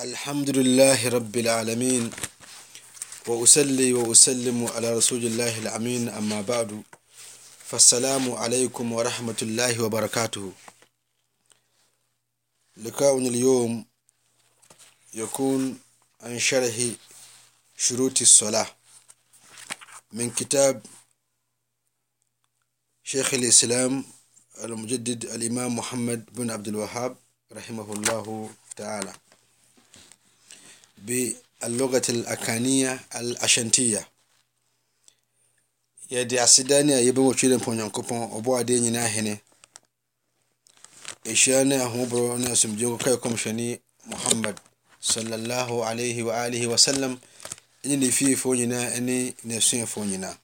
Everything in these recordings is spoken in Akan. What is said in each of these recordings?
الحمد لله رب العالمين وأسلي وأسلم على رسول الله الأمين أما بعد فالسلام عليكم ورحمة الله وبركاته لقاؤنا اليوم يكون عن شرح شروط الصلاة من كتاب شيخ الإسلام المجدد الإمام محمد بن عبد الوهاب رحمه الله تعالى باللغة الأكانية الأشنتية yɛde aseda ne a yɛbɛwɔ twerɛ mpo onyankopɔn ɔbɔ adeɛ nyinaa hene ɛhyia ne ahoborɔ ne asomdwe nkɔka yɛ kɔmhyɛne muhammad sallallahu alaihi wa alihi wa sallam ne ne fiefoɔ nyinaa ne n'asuafoɔ nyinaa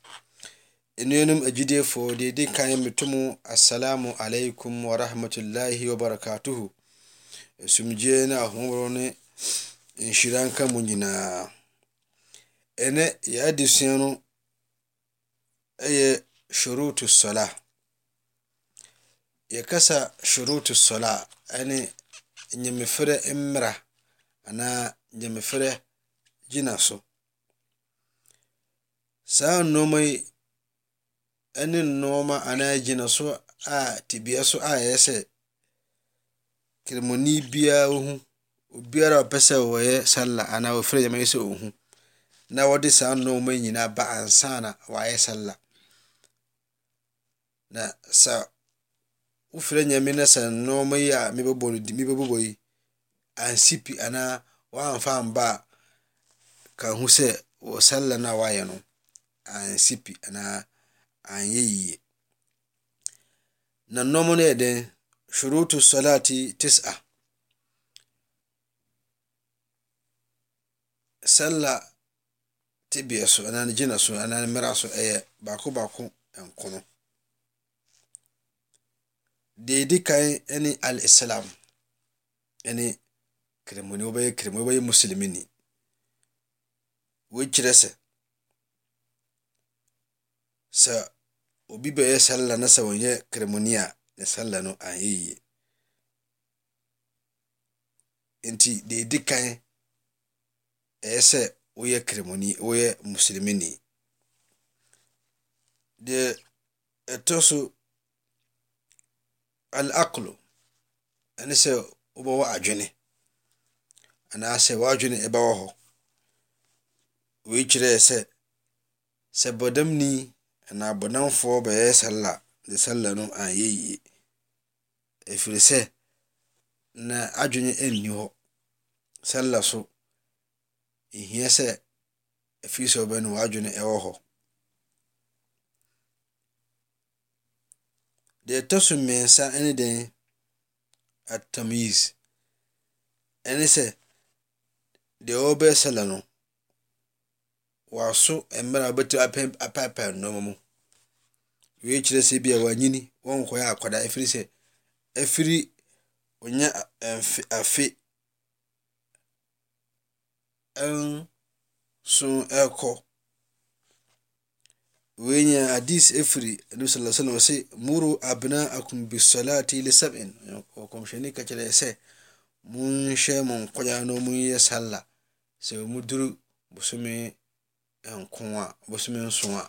nnuanom agyidiefoɔ deɛ ɛdi kan meto mu assalamu alaikum wa rahmatullahi wa barakatuhu ne nhyira nka mu nyinaa ɛnɛ yɛn adesua no yɛ shurutu sɔla yɛkasa shurutu sɔla ne nyameferɛ mmara anaa nyameferɛ gyina so saa nneɛma yi ne nneɛma anaa gyina so a tibia so a ɛyɛ sɛ kremoni biara hu obiara a ɔpɛ sɛ wɔyɛ sala anaa wɔfrɛ nyame sɛ ɔhu na wɔde saa nnoɔma nyinaa ba ansa na wɔayɛ sallah na sɛ wofrɛ nyame na sɛ nnoɔma yi a mebɛbɔ no di mebɛbobɔ yi ansi pi anaa wɔamfa amba a ka hu sɛ wɔ sallah no a wɔayɛ no ansi pi anaa anyɛ yie na nnoɔma no yɛ den shurutu salati tis'a Sɛla ti bia so anaa ni gyina so anaa ni mmerɛ so ɛyɛ baako baako nkono. Deɛ di kan ne al islam ne kremoni wɔbɛyɛ kremoni wɔbɛyɛ muslimni. Wei kyerɛ sɛ sɛ obi bɛyɛ salla na sɛ ɔnyɛ kremoni a ne salla no anyɛ yie. Nti deɛ ɛdi kan ɛyɛ sɛ woyɛ kremoni woyɛ musulmini deɛ ɛtɔ so alaklo ɛne sɛ wobɛwɔ adwene anaasɛ w'adwene ɛbɛwɔ hɔ wei kyerɛɛ sɛ sɛ bɔdamni anaa bɔdamfoɔ bɛyɛ salla de salla no anyɛ yie ɛfiri sɛ na adwene anni hɔ salla so ɛhia sɛ ɛfiri sɛ wobɛno w'adwene ɛwɔ hɔ deɛ ɛtɔ so mmiɛnsa ne den atamis ɛne sɛ deɛ wɔbɛyɛ sɛla no wɔaso mmerɛ a wobɛtumi apɛapɛa nnoɔma mu wei kyerɛ sɛ bi a wanyini wɔnkɔyɛ akwadaa ɛfiri sɛ ɛfiri ɔnya afe ɛn so ɛrekɔ wei hadis ɛfiri nabi sala salam se muru abnaakum bisolati li sabin ɔkɔmhyɛni ka kyerɛ sɛ monhyɛ mo nkɔya na monyɛ salla sɛ mu duru bosome nko a bosome nso a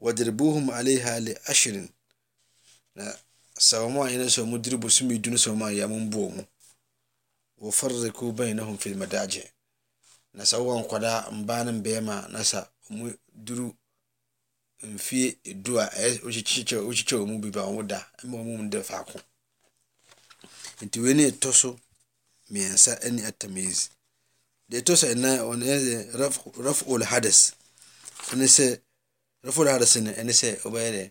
wadribuhum alaiha li ashirin na sɛ wɔn a yɛne sɛ mu duru bosome du no sɛ wɔn ayɛ a momboɔ mu wɔfarriku bainahum fi lmadagye na sɛ wowɔ nkwadaa mbaa ne mbɛɛma na sa ɔmo duru mfie edu a ɛyɛ wokyikyɛ wokyikyɛ ɔmo bi ba ɔmo da ɛma e ɔmo mu e de faako nti wei ne ɛtɔ so mmiɛnsa ɛne atamizi deɛ ɛtɔ so ɛnan ɔno yɛ sɛ raf raf ol hades ɛne sɛ raf ol hades no ɛne e sɛ ɔbɛyɛ dɛ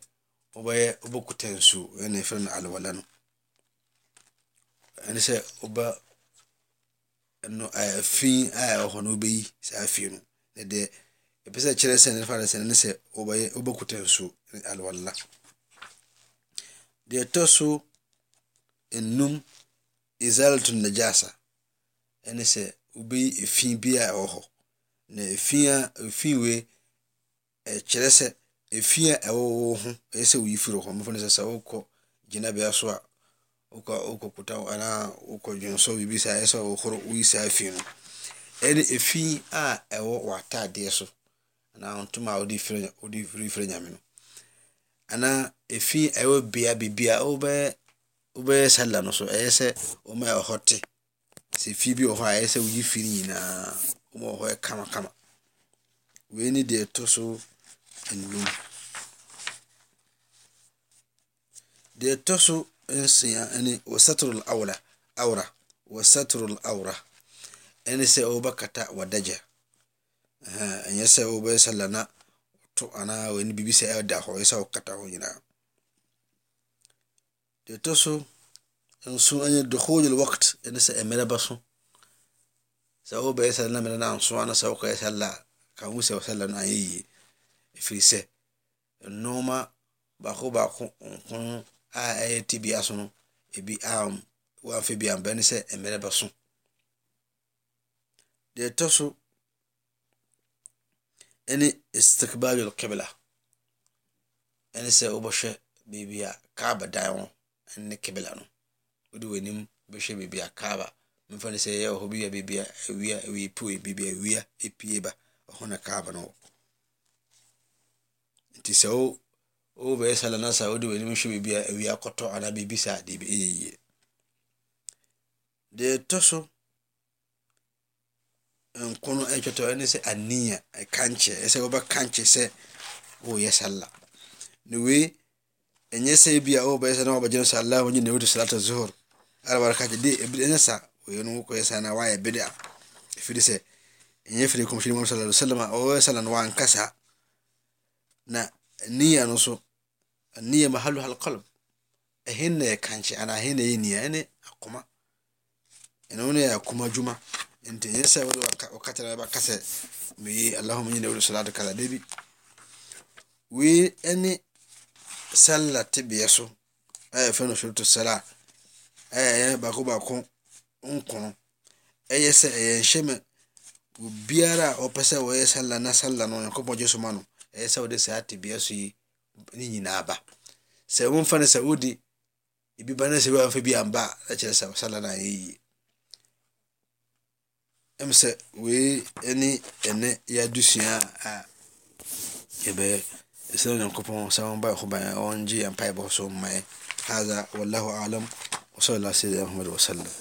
ɔbɛyɛ ɔbɛkuta nsuo ɛna ɛfrɛ no alwala no ɛne sɛ ɔba fi a ɛwɔ hɔ no wobɛyi saa fie no na deɛ ɛpɛ sɛ kyerɛ sɛ ne fa sɛ ne sɛ wobɛyɛ wobɛkuta nsuo ne alwala deɛ ɛtɔ so enum izalatun najasa ɛne sɛ wobɛyi efi bi a ɛwɔ hɔ na efi a efi wei ɛkyerɛ sɛ efi a ɛwɔ wo ho ɛyɛ sɛ woyi firi hɔ mfo no sɛ sɛ gyina gyinabea so a uka uko kuta ana uko dwonso biribi saa ɛsɛ ɔhoro woyi saa fie no ɛne efi a ɛwɔ w'ataadeɛ so anaa ntoma a wɔde fira wɔde firifira nyame no anaa efi a ɛwɔ bea beebi a wɔbɛyɛ wɔbɛyɛ sala no so ɛyɛ sɛ wɔn a ɛwɔ hɔ te sɛ fie bi wɔ hɔ a ɛyɛ sɛ woyi fie nyinaa wɔn e, wɔ hɔ yɛ kamakama wei ne deɛ so nnum deɛ ɛto so. yani wasatrul aura aura wasatrul aura ene se o bakata wadaja enye sɛ wobɛyɛ sɛ lana to anaa wani biribi sɛ ɛda hɔ ɛyɛ sɛ wokata nyinaa deɛ ɛtɔ so nso ɛnyɛ dukhulul waqt ɛne sɛ ɛmmerɛ ba so sɛ wobɛyɛ lana mmerɛ no anso ana sɛ wokɔyɛ sɛ la ka hu sɛ sɛ lana anyɛ yie ɛfiri sɛ nnoɔma baako baako nkono a ɛyɛ tibia so no ebi a wɔamfa bi ampɛ ne sɛ mmerɛ bɛso deɛ ɛtɔ so ne istikbalul kibla ɛne sɛ wobɛhwɛ baabi a kaaba dan ho ne kibla no wode w'anim bɛhwɛ baabi a kaaba mfa ne sɛ ɛyɛ wɔ hɔ bi a baabi a awia awia pue baabi a awia epue ba ɛhɔ na kaaba no wɔ nti sɛ wo wobɛyɛ sala na saa wode w'anim hwɛ baabi a awi akɔtɔ anaa biribi saa deɛ ɛyɛ yie deɛ ɛtɔ so nkono ɛtwɛtɔ ɛne sɛ aniya ɛkankyɛ ɛsɛ wobɛkankyɛ sɛ woyɛ sala na wei ɛnyɛ sɛ bi a wobɛyɛ sɛ na wabɛgye no sɛ allah wonye na wode salata zuhur arabaraka kyɛ de ɛbiri ɛnyɛ saa wei no wokɔyɛ saa na woayɛ bede a ɛfiri sɛ ɛnyɛ firi kɔmhyɛne mu sallallahu alaihi wasallam a ɔwɔ sala no wankasa na niya no so النية محلها القلب هنا كانش أنا هنا يني يعني أقوم أنا هنا أقوم جمعة أنت ينسى ولا وقت أنا بكسر مي اللهم إني أقول صلاة كذا دبي وي أني sallah ta biya so ɛyɛ fɛn osurutu sala ɛyɛ ɛyɛ baako baako nkono ɛyɛ sɛ ɛyɛ nhyɛmɛ obiara a ɔpɛ sɛ ɔyɛ sallah na sallah no ɔnyankopɔn gye so ma no ɛyɛ sɛ ɔde saa ta biya so yi ne nyinaa ba sɛ womfa no sɛ wode ebi ba no sɛ wamfa bi amba a na kyerɛ sɛ wosala no ayɛ yie ɛm sɛ wei ne ɛnɛ yɛadusua a yɛbɛyɛ ɛsɛ onyankopɔn sɛ wɔmba ɛho ban ɔngye yɛ so mmaɛ hatha wallahu alam وصلى الله سيدنا محمد وسلم